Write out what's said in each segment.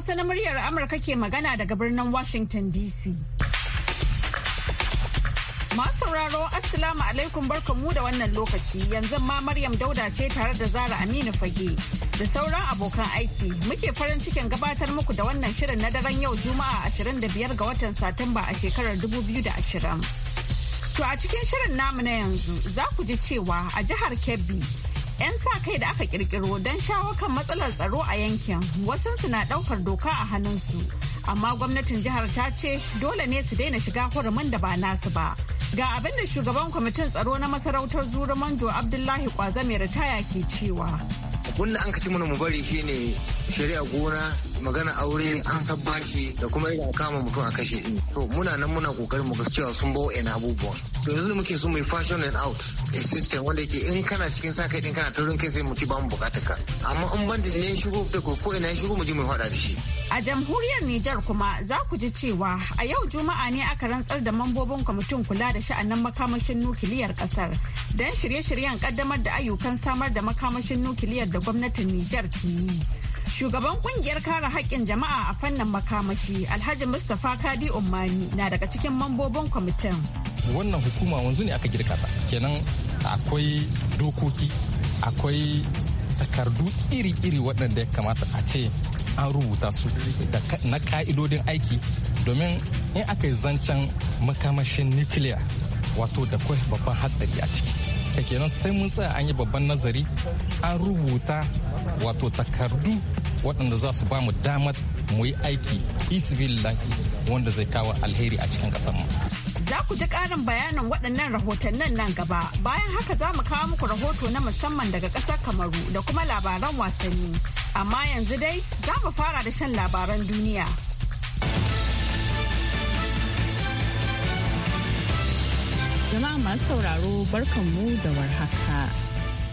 Hausa na muryar Amurka ke magana daga birnin Washington DC. Masu sauraro Assalamu alaikum barkanmu da wannan lokaci yanzu ma Maryam Dauda ce tare da Zara Aminu Fage da sauran abokan aiki muke farin cikin gabatar muku da wannan shirin na daren yau Juma'a 25 ga watan Satumba a shekarar 2020. To a cikin shirin namu na yanzu za ku ji cewa a jihar Kebbi 'Yan sa kai da aka kirkiro don shawo kan matsalar tsaro a yankin wasansu na ɗaukar doka a hannunsu. Amma gwamnatin jihar ta ce dole ne su daina shiga hurumin da ba nasu ba. Ga abin da shugaban kwamitin tsaro na masarautar Zuru Manjo Abdullahi Kwaza mai ritaya ke cewa. kunna da an mana mu bari shine shari'a gona magana aure an san shi da kuma yana kama mutum a kashe din to muna nan muna kokarin mu ga cewa sun bawo ina abubuwan to yanzu muke so mai fashion and out a system wanda yake in kana cikin sa kai din kana taurin kai sai mu ba mu bukatar ka amma in bandin ne shigo ko ina shigo mu je mu fada da shi A jamhuriyar Nijar kuma za ku ji cewa a yau Juma'a ne aka rantsar da mambobin kwamitin kula da sha'anin makamashin nukiliyar kasar don shirye-shiryen kaddamar da ayyukan samar da makamashin nukiliyar da gwamnatin Nijar ke yi. Shugaban kungiyar kare haƙƙin jama'a a fannin makamashi Alhaji Mustapha Kadi Ummani na daga cikin mambobin kwamitin. Wannan hukuma wanzu ne aka girka ta. Kenan akwai dokoki, akwai takardu iri-iri waɗanda ya kamata a ce an rubuta su na ka'idodin aiki domin in aka yi zancen makamashin nukiliya wato da kwai babban hatsari a ciki ta kenan sai mun tsaya an yi babban nazari an rubuta wato takardu waɗanda za su ba mu damar mu yi aiki isbillahi wanda zai kawo alheri a cikin ƙasar mu. Za ku ji ƙarin bayanin waɗannan rahotannin nan gaba bayan haka za mu kawo muku rahoto na musamman daga ƙasar Kamaru da kuma labaran wasanni. Amma yanzu dai za mu fara da shan labaran duniya. Jama'a masu sauraro barkanmu da warhaka.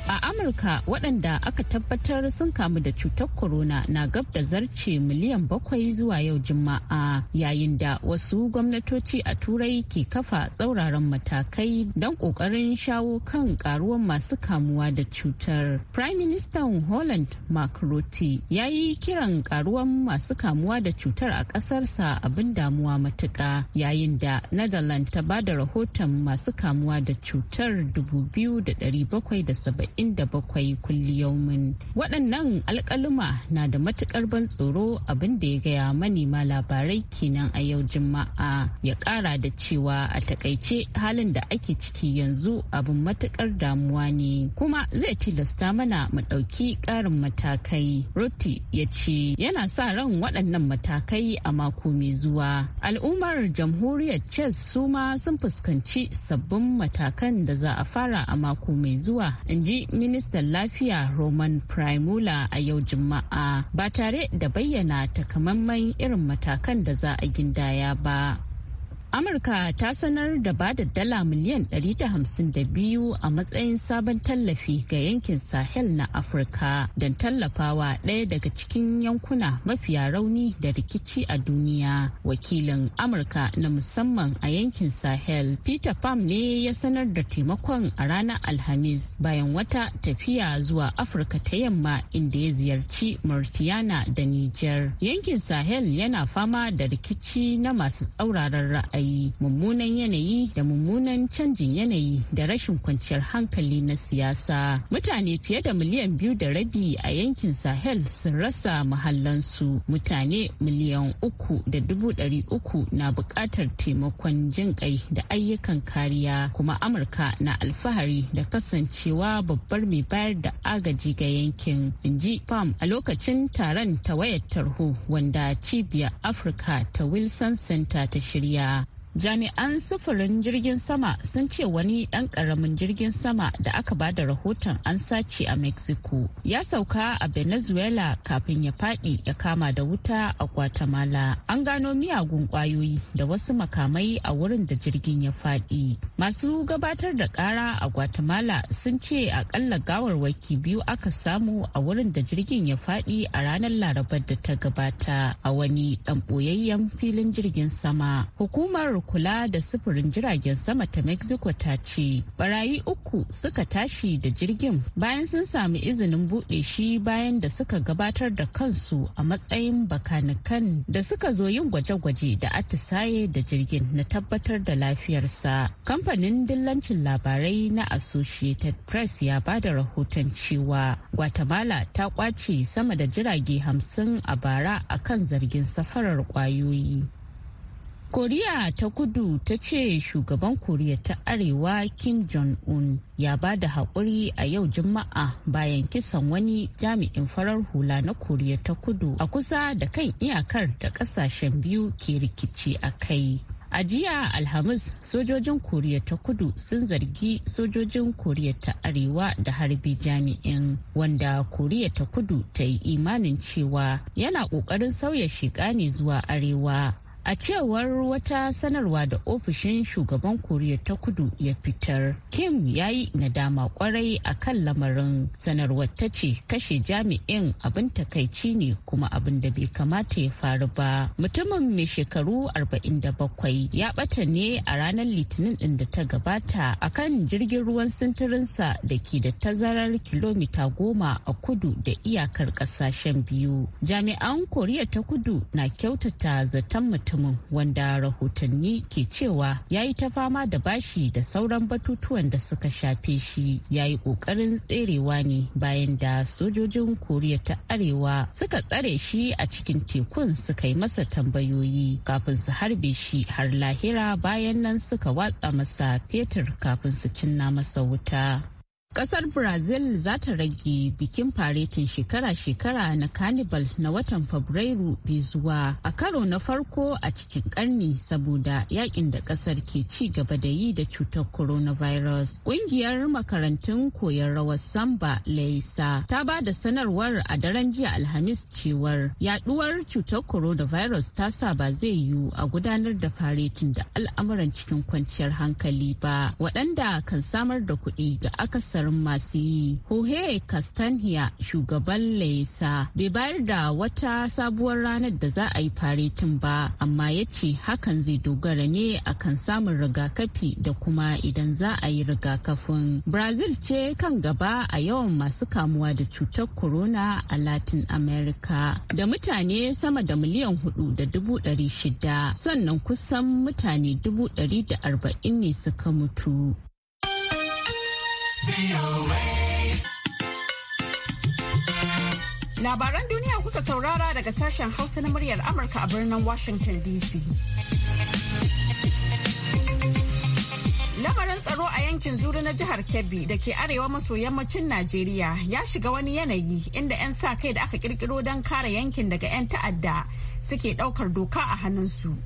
A Amurka waɗanda aka tabbatar sun kamu da cutar corona na gab da zarce miliyan bakwai zuwa yau Juma'a yayin da wasu gwamnatoci a Turai ke kafa tsauraran matakai don ƙoƙarin shawo kan ƙaruwar masu kamuwa da cutar. Prime Minister Holland Mark Rutte ya yi kiran ƙaruwar masu kamuwa da cutar a ƙasarsa abin damuwa matuƙa yayin da Netherlands ta ba da rahoton masu kamuwa da cutar 2,770. 47 kulli yaumin. Waɗannan alƙaluma na da matuƙar ban tsoro abin da ya gaya manema labarai kenan a yau Juma'a ya ƙara da cewa a takaice halin da ake ciki yanzu abin matuƙar damuwa ne kuma zai tilasta mana mu ɗauki ƙarin matakai. Roti ya ce yana sa ran waɗannan matakai a mako mai zuwa. Al'ummar jamhuriyar Chess su ma sun fuskanci sabbin matakan da za a fara a mako mai zuwa in ji ministan lafiya Roman Primula a yau Juma'a ba tare da bayyana takamaiman irin matakan da za a gindaya ba. Amurka ta sanar da ba da dala miliyan 152 a matsayin sabon tallafi ga yankin Sahel na Afirka don tallafawa ɗaya daga cikin yankuna mafiya rauni da rikici a duniya. Wakilin Amurka na musamman a yankin Sahel Peter Pham ne ya sanar da taimakon a ranar Alhamis bayan wata tafiya zuwa Afirka ta yamma inda ya ziyarci Mauritania da Nijar. Yankin Sahel yana fama da rikici na masu tsauraran ra'ayi. yi mummunan yanayi da mummunan canjin yanayi da rashin kwanciyar hankali na siyasa mutane fiye da miliyan biyu da rabi a yankin sahel sun rasa mahallansu mutane miliyan uku da dubu ɗari uku na buƙatar taimakon jin da ayyukan kariya kuma amurka na alfahari da kasancewa babbar mai bayar da agaji ga yankin in ji pam a lokacin taron ta wayar tarho wanda cibiyar afirka ta wilson center ta shirya jami'an sufurin jirgin sama sun ce wani ɗan ƙaramin jirgin sama da aka ba da rahoton an sace a mexico ya sauka a venezuela kafin ya faɗi ya kama da wuta a guatemala an gano miyagun ƙwayoyi da wasu makamai a wurin da jirgin ya faɗi masu gabatar da ƙara a guatemala sun ce akalla gawarwaki biyu aka samu a wurin da jirgin ya faɗi a ranar larabar da ta gabata a wani ɗan ɓoyayyen filin jirgin sama hukumar kula da sufurin jiragen sama ta mexico ta ce barayi uku suka tashi da jirgin bayan sun sami izinin buɗe shi bayan da suka gabatar da kansu a matsayin bakanikan da suka zo yin gwaje-gwaje da atisaye da jirgin na tabbatar da lafiyarsa kamfanin dillancin labarai na associated press ya ba da rahoton cewa guatemala ta kwace sama da jirage hamsin a bara akan zargin safarar kwayoyi koriya ta kudu ta ce shugaban koriya ta arewa kim jong-un ya ba da haƙuri a yau juma'a bayan kisan wani jami'in farar hula na koriya ta kudu a kusa da kan iyakar da ƙasashen biyu ke rikici a kai A jiya Alhamis, sojojin Koriya ta kudu sun zargi sojojin Koriya ta Arewa da harbi jami'in wanda Koriya ta kudu ta yi imanin cewa yana ƙoƙarin sauya shiga ne zuwa Arewa. a cewar wata sanarwa da ofishin shugaban koriya ta kudu ya fitar kim ya yi nadama kwarai a kan lamarin sanarwar ta ce kashe jami'in abin takaici ne kuma abin da bai kamata ya faru ba mutumin mai shekaru 47 ya bata ne a ranar litinin din da ta gabata a kan jirgin ruwan sintirinsa da ke da tazarar kilomita goma a kudu da iyakar kasashen biyu jami'an koriya ta kudu na kyautata zaton mutum mutumin wanda rahotanni ke cewa ya yi ta fama da bashi da sauran batutuwan da suka shafe shi ya yi kokarin tserewa ne bayan da sojojin koriya ta arewa suka tsare shi a cikin tekun suka yi masa tambayoyi kafin su harbe shi har lahira bayan nan suka watsa masa fetur kafin su cinna masa wuta Kasar Brazil za ta rage bikin faretin shekara-shekara na Carnival na watan Fabrairu bai zuwa a karo na farko a cikin karni saboda yakin da kasar ke ci gaba da yi da cutar coronavirus. Kungiyar makarantun koyar rawar Samba Laisa ta ba da sanarwar a daren jiya Alhamis cewar yaduwar cutar coronavirus ta sa ba zai yiwu a gudanar da faretin da al'amuran cikin kwanciyar hankali ba waɗanda kan samar da kuɗi ga akasar garin masu yi. hohe Castanha shugaban Laisa bai bayar da wata sabuwar ranar da za a yi faretin ba amma ya ce hakan zai dogara ne akan samun rigakafi da kuma idan za a yi rigakafin. Brazil ce kan gaba a yawan masu kamuwa da cutar corona a Latin America da mutane sama da miliyan hudu da dubu dari shida sannan kusan mutane dubu dari da arba'in ne suka mutu. Labaran duniya kuka saurara daga sashen Hausa na muryar Amurka a birnin Washington DC. Lamarin tsaro a yankin Zuru na jihar Kebbi da ke arewa maso yammacin Najeriya ya shiga wani yanayi inda 'yan sa kai da aka kirkiro don kare yankin daga 'yan ta'adda suke ɗaukar doka a hannunsu. su.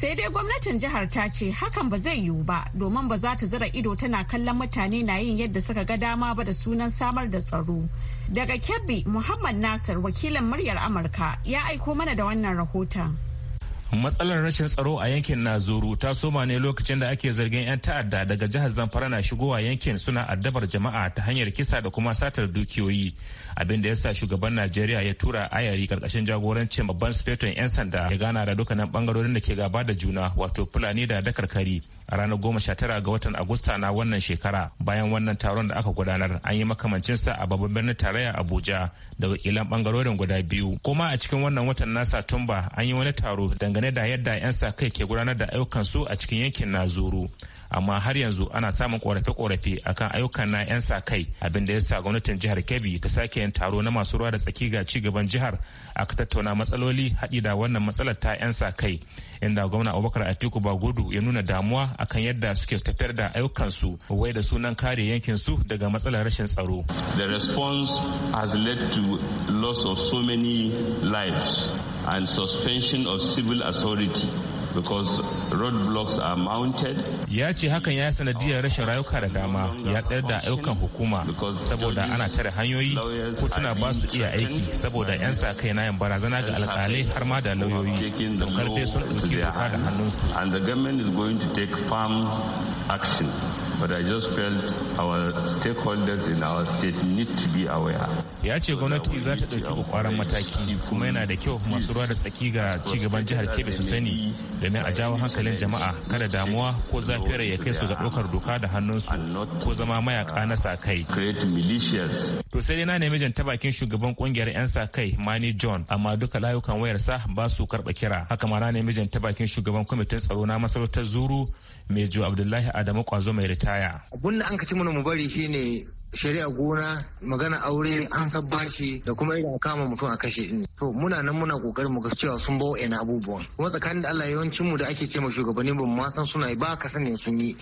sai dai gwamnatin jihar ta ce hakan ba zai yiwu ba domin ba za ta zira ido tana kallon mutane na yin yadda suka ga dama ba da sunan samar da tsaro daga kebbi muhammad nasir wakilin muryar amurka ya aiko mana da wannan rahoton matsalar rashin tsaro a yankin nazuru ta soma ne lokacin da ake zargin 'yan ta'adda daga jihar zamfara na shigowa yankin suna addabar jama'a ta hanyar kisa da kuma satar dukiyoyi abin da ya sa shugaban najeriya ya tura ayari karkashin jagorancin babban sufeton 'yan sanda ya gana da dukkanin bangarorin da ke gaba da juna wato fulani da dakarkari a ranar goma sha tara ga watan agusta na wannan shekara bayan wannan taron da aka gudanar an yi makamancin sa a babban birnin tarayya abuja da wakilan bangarorin guda biyu kuma a cikin wannan watan na satumba an yi wani taro dangane da yadda 'yan sa kai ke gudanar da ayyukan su a cikin yankin nazuru amma har yanzu ana samun korafe-korafe akan ayyukan na 'yan sa kai abin da ya sa gwamnatin jihar kebbi ta sake yin taro na masu ruwa da tsaki ga ci gaban jihar aka tattauna matsaloli haɗi da wannan matsalar ta 'yan sa kai inda gwamna abubakar atiku gudu ya nuna damuwa akan yadda suke tafiyar da ayyukansu wai da sunan kare yankin su daga matsalar rashin tsaro the response has led to loss of so many lives and suspension of civil authority because roadblocks are mounted. Ya ce hakan ya sanadiyar rashin rayuka da dama ya tsayar da ayyukan hukuma saboda ana tare hanyoyi kotuna ba su iya aiki saboda 'yan sa kai na yan barazana ga alkalai har ma da lauyoyi tamkar dai sun ɗauki doka da hannunsu. And the government is going to take firm action. But I just felt our stakeholders in our state need to be aware. Ya ce gwamnati za ta ɗauki kwakwaran mataki kuma yana da kyau masu ruwa da tsaki ga cigaban jihar Kebbi su sani domin a jawo hankalin jama'a kada damuwa ko rai ya kai su ga ɗaukar doka da hannunsu ko zama mayaka na sa kai. To sai dai na nemi jan bakin shugaban kungiyar 'yan sa kai Mani John amma duka layukan wayar sa ba su karɓa kira. Haka ma na nemi jan bakin shugaban kwamitin tsaro na masarautar Zuru Mejo Abdullahi Adamu Kwazo mai ritaya. Abun da an ka ci mana mu bari shine shari'a gona magana aure an san bashi da kuma irin kama mutum a kashe din to muna nan muna kokarin mu cewa sun bawo ina abubuwan kuma tsakanin da Allah yawancin mu da ake ce ma shugabannin ba ma san suna ba ka sani sun yi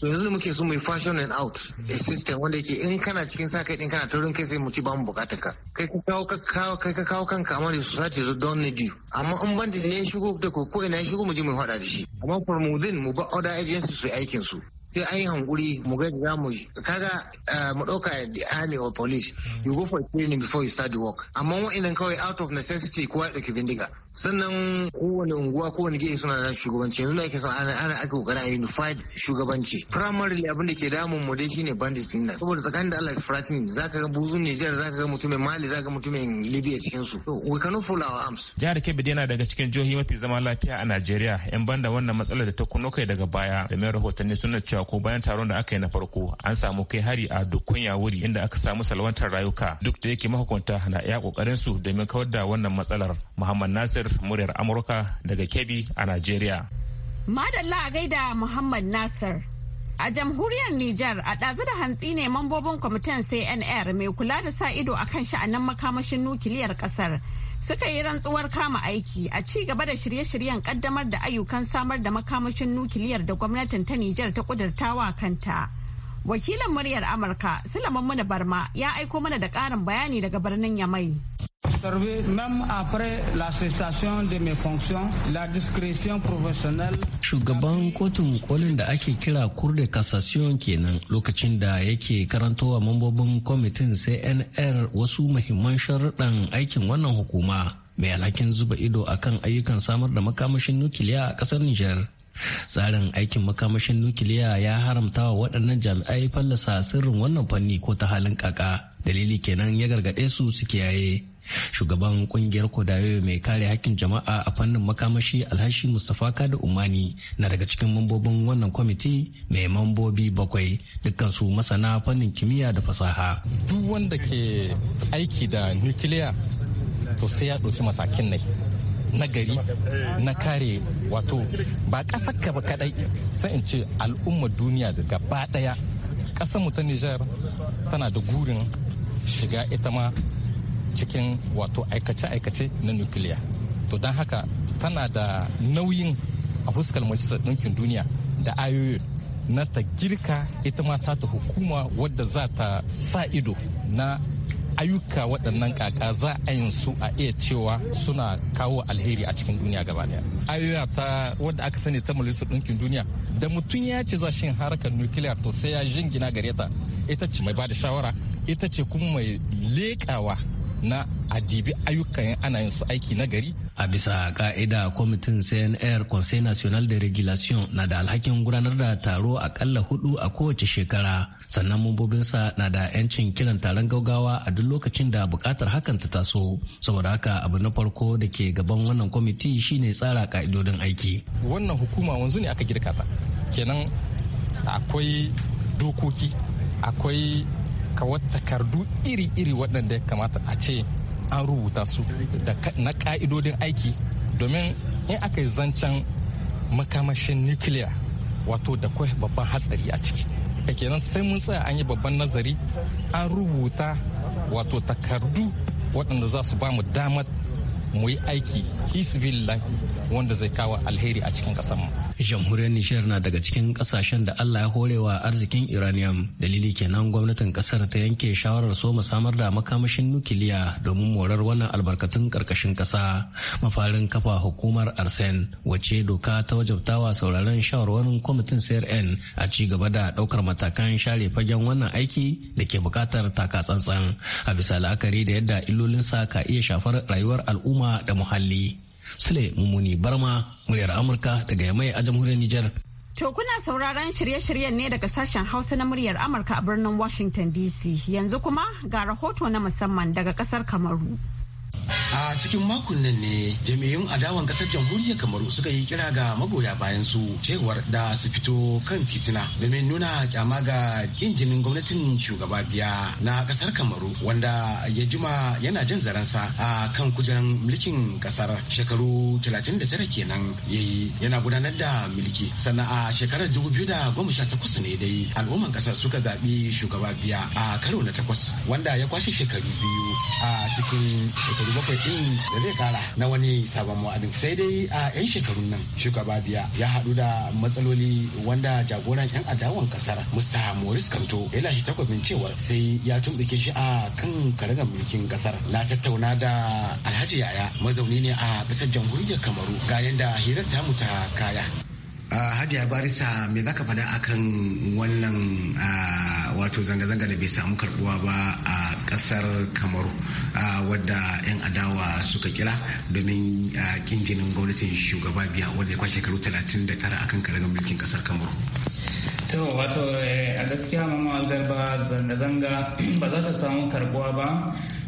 to yanzu muke so mu yi fashion and out a system wanda yake in kana cikin sa kai din kana taurin kai sai mu ci ba mu bukatar ka kai ka kawo ka kawo kai ka kawo kanka amma su sace zo don need you amma in bandi ne ya shigo da ko ina ya shigo mu je mu faɗa da shi amma for mu mu ba order agency su aikin su sai an yi hankuri mu ga za mu kaga eh, mu ɗauka the army or police you go for training before you start the work amma wa'annan kawai out of necessity kowa da bindiga sannan kowane unguwa kowane gefe suna da shugabanci yanzu da ake so ana ana ake kokari a unified shugabanci primarily abin da ke damun mu dai shine bandits din nan saboda tsakanin da Allah Fratin zaka ga buzun Niger zaka ga mutumin Mali zaka ga mutumin Libya cikin su we cannot fool our arms jihar Kebbi yana daga cikin jihohi mafi zaman lafiya a Najeriya yan banda wannan matsalar da ta kuno kai daga baya da mai rahotanni suna cewa ko bayan taron da aka yi na farko an samu kai hari a dukkan wuri inda aka samu salwantar rayuka duk da yake mahukunta na iya kokarin su domin kawar da wannan matsalar Muhammad Nasir Nasir muryar Amurka daga Kebbi a Najeriya. Madalla a gaida Muhammad Nasir. A jamhuriyar Nijar a ɗazu da hantsi ne mambobin kwamitin CNR mai kula da sa ido a kan sha'anin makamashin nukiliyar ƙasar suka yi rantsuwar kama aiki a ci gaba da shirye-shiryen ƙaddamar da ayyukan samar da makamashin nukiliyar da gwamnatin ta Nijar ta ƙudurtawa kanta. Wakilin muryar Amurka Sulaiman mana Barma ya aiko mana da karin bayani daga birnin Yamai. Shugaban kotun kolin da ake kira kurde cassation kenan lokacin da yake karantowa mambobin kwamitin CNR wasu muhimman sharuɗan aikin wannan hukuma. mai alhakin zuba ido akan ayyukan samar da makamashin nukiliya a kasar Nijar tsarin aikin makamashin nukiliya ya haramta wa waɗannan jami'ai fallasa sirrin wannan fanni ko ta halin kaka dalili kenan ya gargaɗe su su kiyaye shugaban kungiyar kodayo mai kare hakkin jama'a a fannin makamashi alhashi mustapha kada umani na daga cikin mambobin wannan kwamiti mai mambobi bakwai dukkansu masana fannin kimiyya da fasaha duk wanda ke aiki da nukiliya to sai ya ɗauki matakin nai na gari na kare wato ba ƙasar ka ba kadai sai in ce al'umma duniya da gaba daya ƙasar mu ta Nijar tana da gurin shiga ita ma cikin wato aikace-aikace na nukiliya to don haka tana da nauyin a fuskar majalisar ɗinkin duniya da ayoyi na ta girka ita ma ta hukuma wadda za ta sa ido na ayyuka waɗannan kaka za a yin su a iya cewa suna kawo alheri a cikin duniya gaba daya ayyuka ta wadda aka sani ta majalisar ɗinkin duniya da mutum ya ce za shi harkar nukiliya to sai ya jingina gare ta ita ce mai ba da shawara ita ce kuma mai leƙawa na a ayyukan ana yin su aiki na gari. A bisa ka'ida kwamitin CNR Conseil National de Regulation na da alhakin gudanar da taro akalla hudu a kowace shekara sannan mambobinsa na da 'yancin kiran taron gaugawa a duk lokacin da bukatar hakan ta taso saboda haka abu na farko da ke gaban wannan kwamiti shine tsara ka'idodin aiki. Wannan hukuma wanzu ne aka girka ta kenan akwai dokoki akwai kawar takardu iri-iri waɗanda ya kamata a ce an rubuta su na ka'idodin aiki domin in aka yi zancen makamashin nukiliya wato da kwai babban hatsari a ciki da kenan sai mun tsaya an yi babban nazari an rubuta wato takardu waɗanda za su ba mu damar mu yi aiki hisbillah wanda zai kawo alheri a cikin ƙasar mu jamhuriyar nijar na daga cikin ƙasashen da Allah ya hore wa arzikin iraniyam dalili kenan gwamnatin ƙasar ta yanke shawarar so samar da makamashin nukiliya domin morar wannan albarkatun ƙarƙashin ƙasa mafarin kafa hukumar arsen wace doka ta wajabtawa sauraron shawarwarin kwamitin crn a ci gaba da ɗaukar matakan share fagen wannan aiki da ke bukatar taka tsantsan a bisa la'akari da yadda illolinsa ka iya shafar rayuwar al'umma da muhalli. Sule Mumuni Barma muryar Amurka daga Yamai a jamhuriyar Nijar. To kuna sauraron shirye-shiryen ne daga sashen Hausa na muryar Amurka a birnin Washington DC yanzu kuma ga rahoto na musamman daga kasar Kamaru. a cikin makon nan ne jami'in adawan kasar jamhuriyar kamaru suka yi kira ga magoya bayan su cewar da su fito kan titina domin nuna kyama ga kin jinin gwamnatin shugaba biya na kasar kamaru wanda ya jima yana jin zaransa a kan kujerar mulkin kasar shekaru 39 kenan ya yi yana gudanar da mulki sannan a shekarar 2018 ne dai al'umman kasar suka zaɓi shugaba biya a karo na takwas wanda ya kwashe shekaru biyu a cikin shekaru bakwai din da zai kara na wani sabon mu'adin sai dai a 'yan shekarun nan shugaba biya ya haɗu da matsaloli wanda jagoran 'yan adawan kasar musta morris kanto ya lashe takwabin cewa sai ya tumɓuke shi a kan karagar mulkin kasar na tattauna da alhaji yaya mazauni ne a ƙasar jamhuriyar kamaru ga yanda hirar tamu ta kaya Ah, hajiya barisa me za ka faɗa akan wannan ah, wato zanga-zanga da bai samu karbuwa ba a ƙasar kamaru ah, wadda 'yan adawa suka kira domin kin gwamnatin shugaba biya wanda ya kwashe shekaru 39 akan karagar mulkin ƙasar kamaru to wato eh, a gaskiya mama garba zanga-zanga ba za ta samu karbuwa ba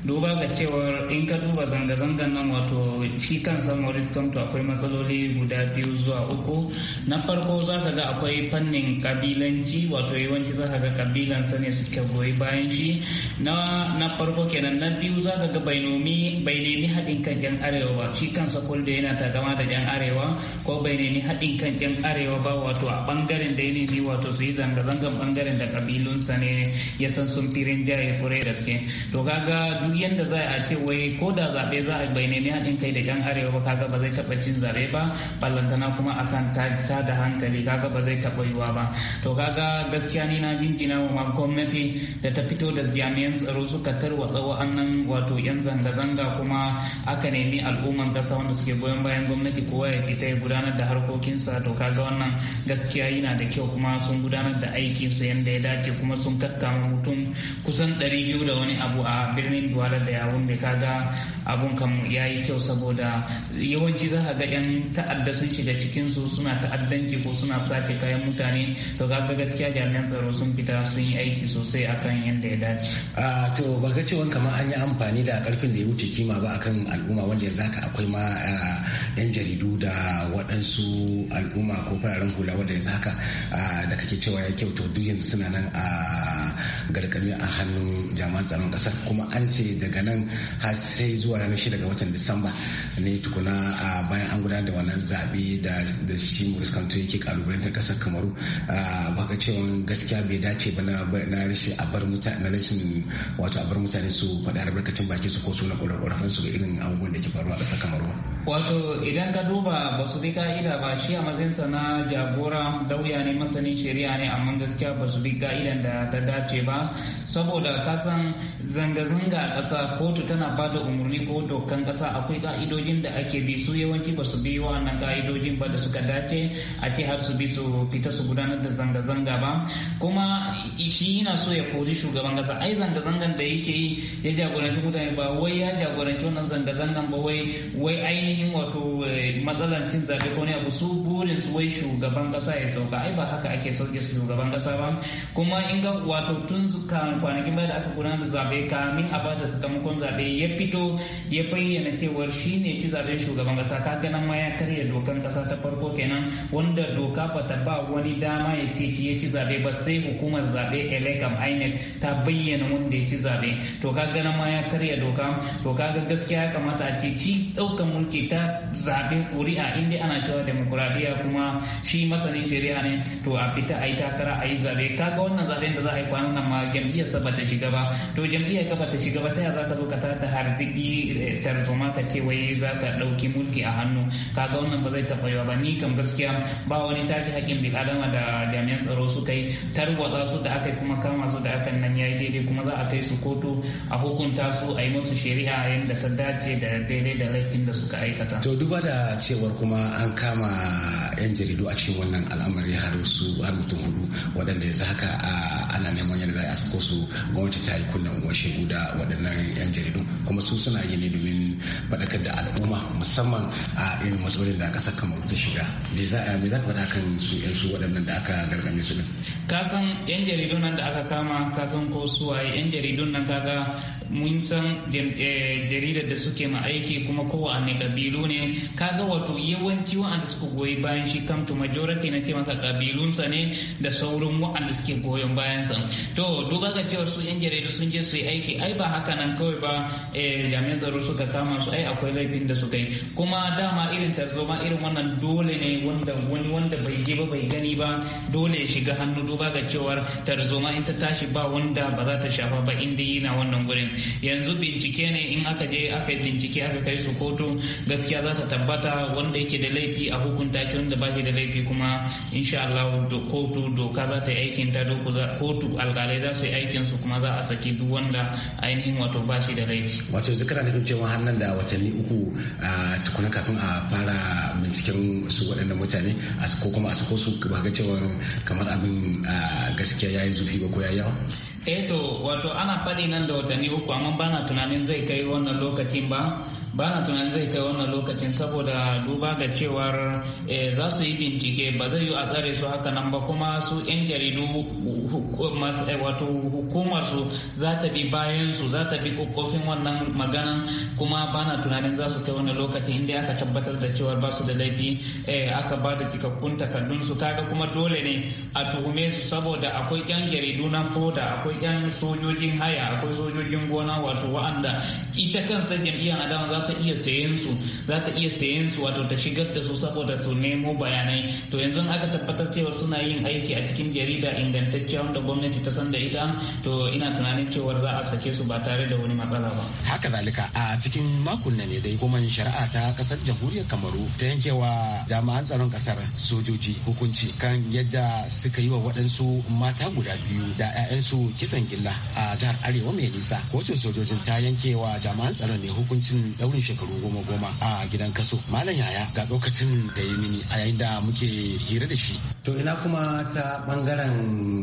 duba ga cewar in ka duba zanga-zangan nan wato shi kansa maurice kamto akwai matsaloli guda biyu zuwa uku na farko za ka ga akwai fannin kabilanci wato yawanci za ka ga kabilansa ne suke goyi bayan shi na farko kenan na biyu za ka ga bai nemi haɗin kan yan arewa ba shi kansa kulda yana gama da yan arewa ko bai nemi haɗin kan yan arewa ba wato a bangaren da ya nemi wato su yi zanga-zangan bangaren da kabilunsa ne ya san sun firin jaye kure gaske to kaga yadda za a ce wai ko da zaɓe za a bai nemi haɗin kai da yan arewa ba kaga ba zai taɓa cin zaɓe ba ballantana kuma akan ta da hankali kaga ba zai taɓa yiwa ba to kaga gaskiya ni na jinjina wa gwamnati da ta fito da jami'an tsaro suka tarwatsa wa'annan wato yan zanga-zanga kuma aka nemi al'umman ƙasa wanda suke goyon bayan gwamnati kowa ya fita ya gudanar da harkokinsa to kaga wannan gaskiya yana da kyau kuma sun gudanar da aikinsu yadda ya dace kuma sun kakkama mutum kusan 200 da wani abu a birnin duwa walar da yawun mai kaga abun kan ya yi kyau saboda yawanci za ka ga yan ta'adda sun shiga cikin su suna ta'addanci ko suna sake kayan mutane to ga gaskiya jami'an tsaro sun fita sun yi aiki sosai akan yadda ya dace. a to ba ga cewa kamar an yi amfani da karfin da ya wuce kima ba akan al'umma wanda za ka akwai ma yan jaridu da waɗansu al'umma ko fararen hula wanda ya haka da kake cewa ya kyau to duk yanzu suna nan a gargami a hannun jami'an tsaron ƙasa kuma an ce daga nan har sai zuwa ranar shida ga watan disamba ne tukuna a bayan an gudanar da wannan zaɓe da shi maurice kanto yake kalubalantar ƙasar kamaru baka cewa gaskiya bai dace ba na rashin abar mutane na rashin wato abar mutane su faɗi albarkacin baki su ko su na ƙwararrafin su ga irin abubuwan da ke faruwa a ƙasar kamaru ba. wato idan ka duba ba su bi ka'ida ba shi a matsayinsa na jagora dauya ne masanin shari'a ne amma gaskiya ba su bi ka'idan da ta dace ba saboda kasan zanga-zanga a ƙasa kotu tana ba da umarni ko dokan ƙasa akwai ka'idojin da ake bi su yawanci ba su bi wannan ka'idojin ba da suka dace a ce har su bi su fita su gudanar da zanga-zanga ba kuma shi yana so ya kori shugaban ƙasa ai zanga-zangan da yake yi ya jagoranci mutane ba wai ya jagoranci wannan zanga-zangan ba wai wai ainihin ainihin wato eh, matsalan cin zaɓe ko ne abu su burin su wai shugaban ƙasa ya sauka ai ba haka ake sauke shugaban ƙasa ba kuma in ga wato tun kwanakin baya da aka gudanar da zaɓe kamin a bada sakamakon zaɓe ya fito ya bayyana cewar shi ne ci zaɓen shugaban ƙasa ga nan ma ya karya dokan ƙasa ta farko kenan wanda doka ba ba wani dama ya ce ya ci zaɓe ba sai hukumar zaɓe elekam inec ta bayyana wanda ya ci zaɓe to ga nan ma ya karya doka to ka ga gaskiya ya kamata a ce ci ɗaukan mulki fita zaɓe ƙuri'a inda ana cewa demokuraɗiyya kuma shi masanin shari'a ne to a fita a yi takara a yi zaɓe kaga wannan zaɓen da za a yi kwanan nan ma jam'iyyar sa bata shiga ba to jam'iyyar ka bata shiga ba ta za ka zo ka tada harziki eh, tarzoma ka ce wai za ka ɗauki mulki a hannu kaga wannan ba zai taɓa yawa ba ni kam gaskiya ba wani tashi haƙƙin bil'adama da jami'an tsaro suka yi tarwatsa su da aka yi kuma kama su da aka nan ya yi daidai kuma za a kai su kotu a hukunta su a yi musu shari'a yadda ta dace da daidai da laifin da suka aiki. aikata to duba da cewar kuma an kama yan jaridu a cikin wannan al'amari har su har mutum hudu waɗanda yanzu haka ana neman yadda za a sako su gwamnati ta yi kunna uwar shegu waɗannan yan jaridu kuma su suna yi ne domin faɗakar da al'umma musamman a irin matsalolin da aka saka mu ta shiga me za a eh, me za ka faɗa kan su yan su waɗannan da aka gargame su din ka san yan jaridun nan da aka kama ka san ko su waye yan jaridun nan kaga mun san eh, jaridar da suke ma aiki kuma kowane kabilu ne kaga wato yawanci wa'anda suka goyi bayan shi kam to majority na ce maka kabilunsa ne da sauran wa'anda suke goyon bayansa to duba ga cewar su yan jaridu sun je su yi aiki ai ba haka nan kawai ba eh, jami'an tsaro suka kama kama su ai akwai laifin da suka yi kuma dama irin tarzoma irin wannan dole ne wanda wani wanda bai je ba bai gani ba dole ya shiga hannu duba ga cewar tarzoma in ta tashi ba wanda ba za ta shafa ba inda yana wannan gurin yanzu bincike ne in aka je aka yi bincike aka kai su kotu gaskiya za ta tabbata wanda yake da laifi a hukunta shi wanda ba da laifi kuma insha Allah kotu doka za ta yi aikin ta kotu alkalai za su yi aikin su kuma za a saki duk wanda ainihin wato ba shi da laifi wato zikira ne cewa hannun da da watanni uku a tukuna kafin a fara binciken su waɗannan mutane a ko kuma a sako su ba ga cewa kamar abin gaskiya ya yi zufi ba ko ya yawa eh to wato ana faɗi nan da watanni uku amma ba tunanin zai kai wannan lokacin ba ba na tunanin zai kai wannan lokacin saboda duba ga cewar eh, za su yi bincike ba zai yi a tsare su haka nan ba kuma su 'yan jaridu eh, wato hukumar su za ta bi bayan su za ta bi kokofin wannan maganan kuma ba na tunanin za su kai wannan lokacin inda aka tabbatar da cewar ba su da laifi eh, aka ba da cikakkun takardun su kaga kuma dole ne a tuhume su saboda akwai 'yan jaridu na foda akwai 'yan sojojin haya akwai sojojin gona wato wa'anda ita sajin iya adam za za ta iya sayen su za ta iya sayen su wato ta shigar da su saboda su nemo bayanai to yanzu aka tabbatar cewa suna yin aiki a cikin jarida ingantacciya wanda gwamnati ta san da ita to ina tunanin cewa za a sake su ba tare da wani matsala ba haka zalika a cikin makon ne dai shari'a ta kasar jamhuriyar kamaru ta yankewa jami'an tsaron kasar sojoji hukunci kan yadda suka yi wa waɗansu mata guda biyu da 'ya'yansu kisan gilla a jihar arewa mai nisa kotun sojojin ta yankewa jami'an tsaron ne hukuncin ɗaure daurin shekaru goma goma a gidan kaso malam yaya ga lokacin da ya mini a yayin da muke hira da shi to ina kuma ta bangaren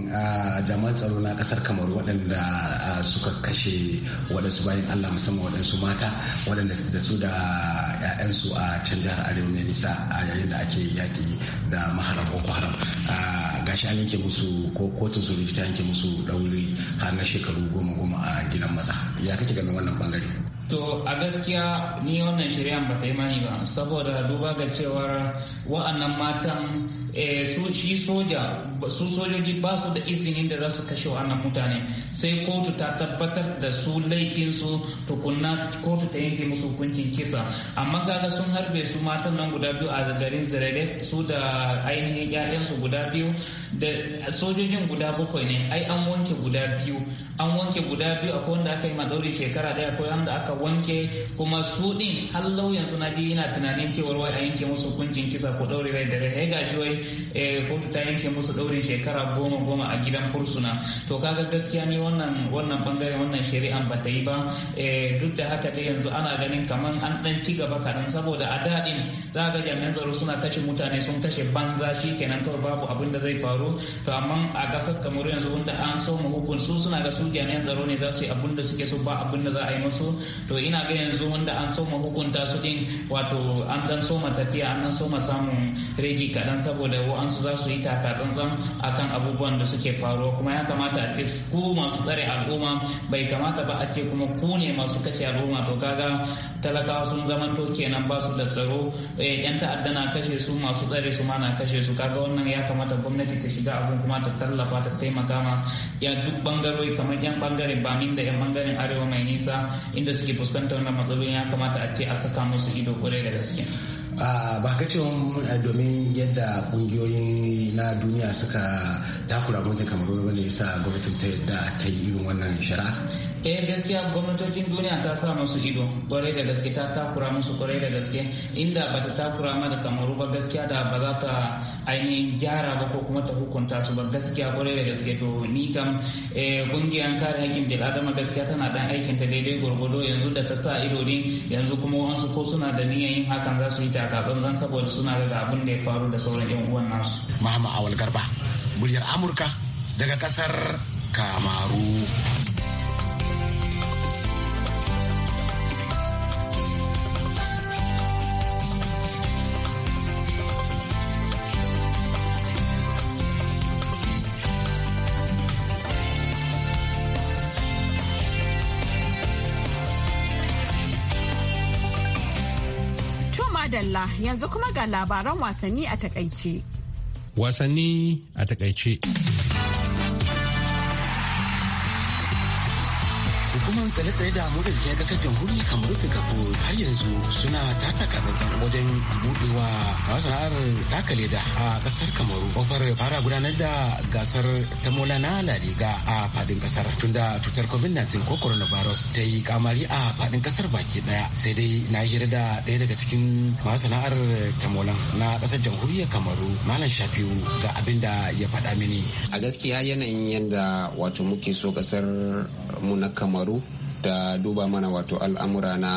da tsaro na kasar kamar waɗanda suka kashe waɗansu bayan allah musamman waɗansu mata waɗanda da su da 'ya'yansu a can jihar arewa ne nisa a yayin da ake yaƙi da maharam boko haram gashi an yanke musu ko kotun sojoji ta yanke musu ɗauri har na shekaru goma goma a gidan maza ya kake game wannan bangare To a gaskiya ni wannan shirya ba ta yi mani ba saboda duba ga cewar wa'annan matan Eh, su shi soja su sojoji ba su da izinin da za su kashe wannan mutane sai kotu ta tabbatar da su laifinsu tukunna kotu ta yanke musu hukuncin kisa amma kaga sun harbe su matan nan guda biyu a garin zirare su da ainihin 'ya'yansu guda biyu da sojojin guda bakwai ne ai an wanke guda biyu an wanke guda biyu akwai wanda aka yi maɗauri shekara ɗaya akwai wanda aka wanke kuma su din har lauyan suna biyu yana tunanin cewar wai a yanke musu hukuncin kisa ko daure rai da rai ga shi wai Eh, kotu ta yanke musu ɗaurin shekara goma goma a gidan fursuna to kaga gaskiya ne wannan wannan bangare wannan shari'an ba ta yi ba eh, duk da haka dai yanzu ana ganin kamar an ɗan ci gaba kaɗan saboda a daɗin za ga jami'an tsaro suna kashe mutane sun kashe banza shi kenan kawai babu abin da zai faru to amma a ƙasar kamar yanzu wanda an so mu hukun su suna ga su jami'an tsaro ne za su yi abin da suke so ba abin da za a yi musu to ina ga yanzu wanda an so mu hukunta su din wato an dan so ma tafiya an dan so ma samun regi kaɗan saboda saboda wa'ansu za su yi a kan abubuwan da suke faruwa kuma ya kamata a ce ku masu tsare al'umma bai kamata ba a ce kuma ku ne masu kashe al'umma to kaga talakawa sun zamanto kenan ba su da tsaro eh, yan ta'adda na kashe su masu tsare su ma na kashe su kaga wannan ya kamata gwamnati ta shiga abin kuma ta tallafa ta taimaka ma ya duk bangarori kamar yan bangaren bamin da yan bangaren arewa mai nisa inda suke fuskantar wannan matsalolin ya kamata a ce a saka musu ido kwarai da gaske. Ah, ba ga cewa eh, domin yadda kungiyoyin na duniya suka takura gwamnatin kamaru wani ne yasa gwamnatin ta yadda ta yi irin wannan shari'a eh gaskiya gwamnatocin duniya ta sa masu ido kwarai da gaske ta takura musu kwarai da gaske inda ba ta takura ma da kamaru ba gaskiya da ba za ka ainihin gyara ba ko kuma ta hukunta su ba gaskiya kwarai da gaske to ni kam eh, kungiyar kare hakkin bil adama gaskiya tana dan aikin ta daidai gurgudo yanzu da ta sa ido ne yanzu kuma wasu ko suna da niyan yin hakan za su yi takatsantsan saboda suna da abin da ya faru da sauran yan uwan nasu. Mahama Awal Garba, muryar Amurka daga kasar Kamaru. madalla yanzu kuma ga labaran wasanni a takaice. Wasanni a takaice. hukumar tsare-tsare da motsa jikin kasar jamhuri kamaru da har yanzu suna taka tsantsan wajen budewa masana'ar taka leda a kasar kamaru kofar fara gudanar da gasar ta molana la liga a fadin kasar tunda cutar covid-19 ko coronavirus ta yi kamari a fadin kasar baki daya sai dai na hira da daya daga cikin masana'ar ta molan na kasar jamhuriyar kamaru malam shafiu ga abin da ya faɗa mini a gaskiya yanayin yadda wato muke so kasar mu na kamaru ta duba mana wato al'amura na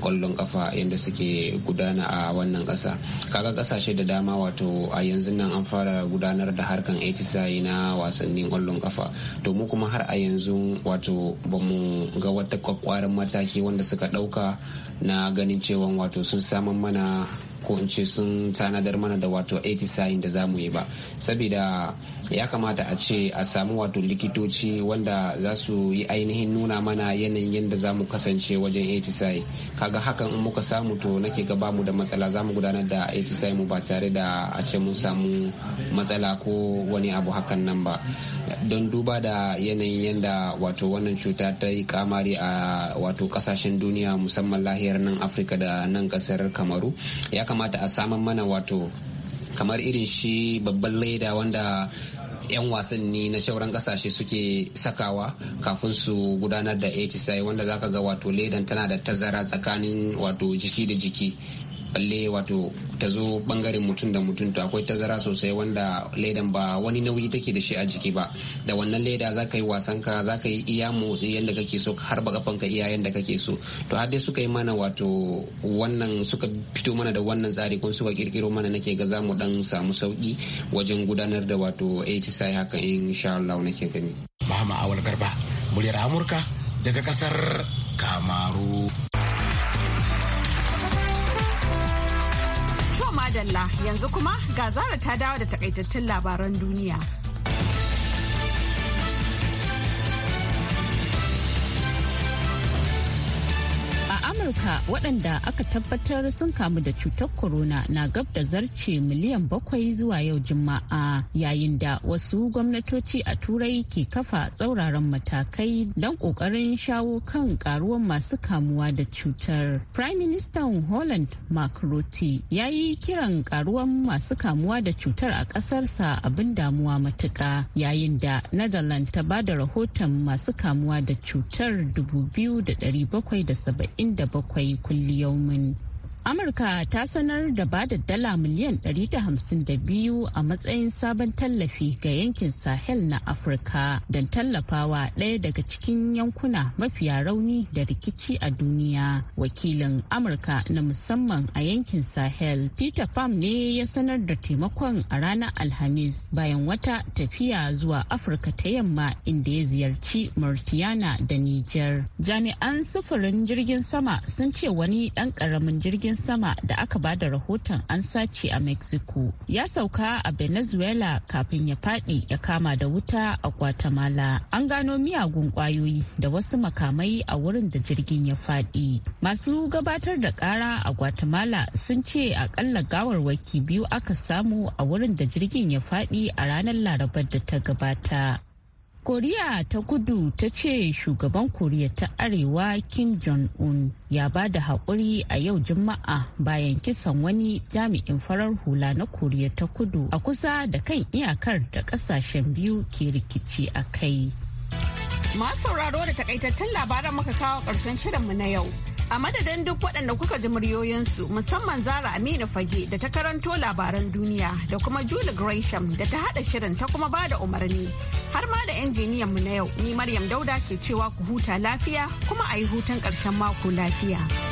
kwallon kafa yadda suke gudana a wannan kasa kaga kasashe da dama wato a yanzu nan an fara gudanar da harkan atisayi na wasannin kwallon kafa to mu kuma har a yanzu wato ba mu ga wata kwakwarin mataki wanda suka ɗauka na ganin cewa wato sun saman mana ko in ce sun tanadar mana da wato atisayin da za mu yi ba saboda ya kamata a ce a samu wato likitoci wanda za su yi ainihin nuna mana yanayin yadda za mu kasance wajen atisaye kaga hakan in muka samu to nake gaba mu da matsala za mu gudanar da atisaye mu ba tare da a ce mun samu matsala ko wani abu hakan nan ba don duba da yanayin yadda wato wannan cuta ta yi kamari a wato kasashen duniya musamman lahiyar nan afirka da nan kasar kamaru ya kamata a saman mana wato kamar irin shi babban leda wanda 'yan wasanni na shauran kasashe suke sakawa kafin su gudanar da HSI wanda zaka ga wato ledan tana da tazara tsakanin wato jiki da jiki balle wato ta zo bangaren mutum da mutum to akwai tazara sosai wanda ledan ba wani nauyi take da shi a jiki ba da wannan leda za ka yi wasan ka za ka yi iya motsi yadda kake so har ba kafan ka iya yadda kake so to har dai suka yi mana wato wannan suka fito mana da wannan tsari kun suka kirkiro mana nake ga zamu dan samu sauki wajen gudanar da wato HSI haka insha Allah nake gani Muhammad Awal Garba muryar Amurka daga kasar Kamaru madalla yanzu kuma ga zara ta dawo da takaitattun labaran duniya. amurka waɗanda aka tabbatar sun kamu da cutar corona na gab da zarce miliyan bakwai zuwa yau juma'a yayin da wasu gwamnatoci a turai ke kafa tsauraran matakai don ƙoƙarin shawo kan karuwan masu kamuwa da cutar prime minister holland mark rutte ya yi kiran karuwan masu kamuwa da cutar a ƙasarsa abin damuwa matuka yayin da netherlands ta ba da rahoton masu kamuwa da cutar 2,777 bakwai kulli yaumin Amurka ta sanar da ba da dala miliyan 152 a matsayin sabon tallafi ga yankin Sahel na Afirka don tallafawa ɗaya daga cikin yankuna mafiya rauni da rikici a duniya. Wakilin Amurka na musamman a yankin Sahel Peter Pham ne ya sanar da taimakon a ranar Alhamis bayan wata tafiya zuwa Afirka ta yamma inda ya ziyarci Mauritania da Nijar. Jami'an sufurin jirgin sama sun ce wani ɗan ƙaramin jirgin jirgin sama da aka ba da rahoton an sace a mexico ya sauka a venezuela kafin ya fadi ya kama da wuta a guatemala an gano miyagun kwayoyi da wasu makamai a wurin da jirgin ya fadi masu gabatar da kara a guatemala sun ce akalla gawarwaki biyu aka samu a wurin da jirgin ya fadi a ranar larabar da ta gabata koriya ta kudu ta ce shugaban koriya ta arewa kim jong-un ya ba da haƙuri a yau juma'a bayan kisan wani jami'in farar hula na koriya ta kudu a kusa da kan iyakar da ƙasashen biyu ke rikici a kai masu sauraro da takaitattun labaran muka kawo ƙarshen shirinmu na yau A madadin duk waɗanda kuka ji muryoyinsu musamman Zara Aminu Fage da ta karanto labaran duniya da kuma Julie Gresham da ta haɗa shirin ta kuma bada umarni. Har ma da mu na yau, ni Maryam Dauda ke cewa ku huta lafiya kuma a yi hutun ƙarshen mako lafiya.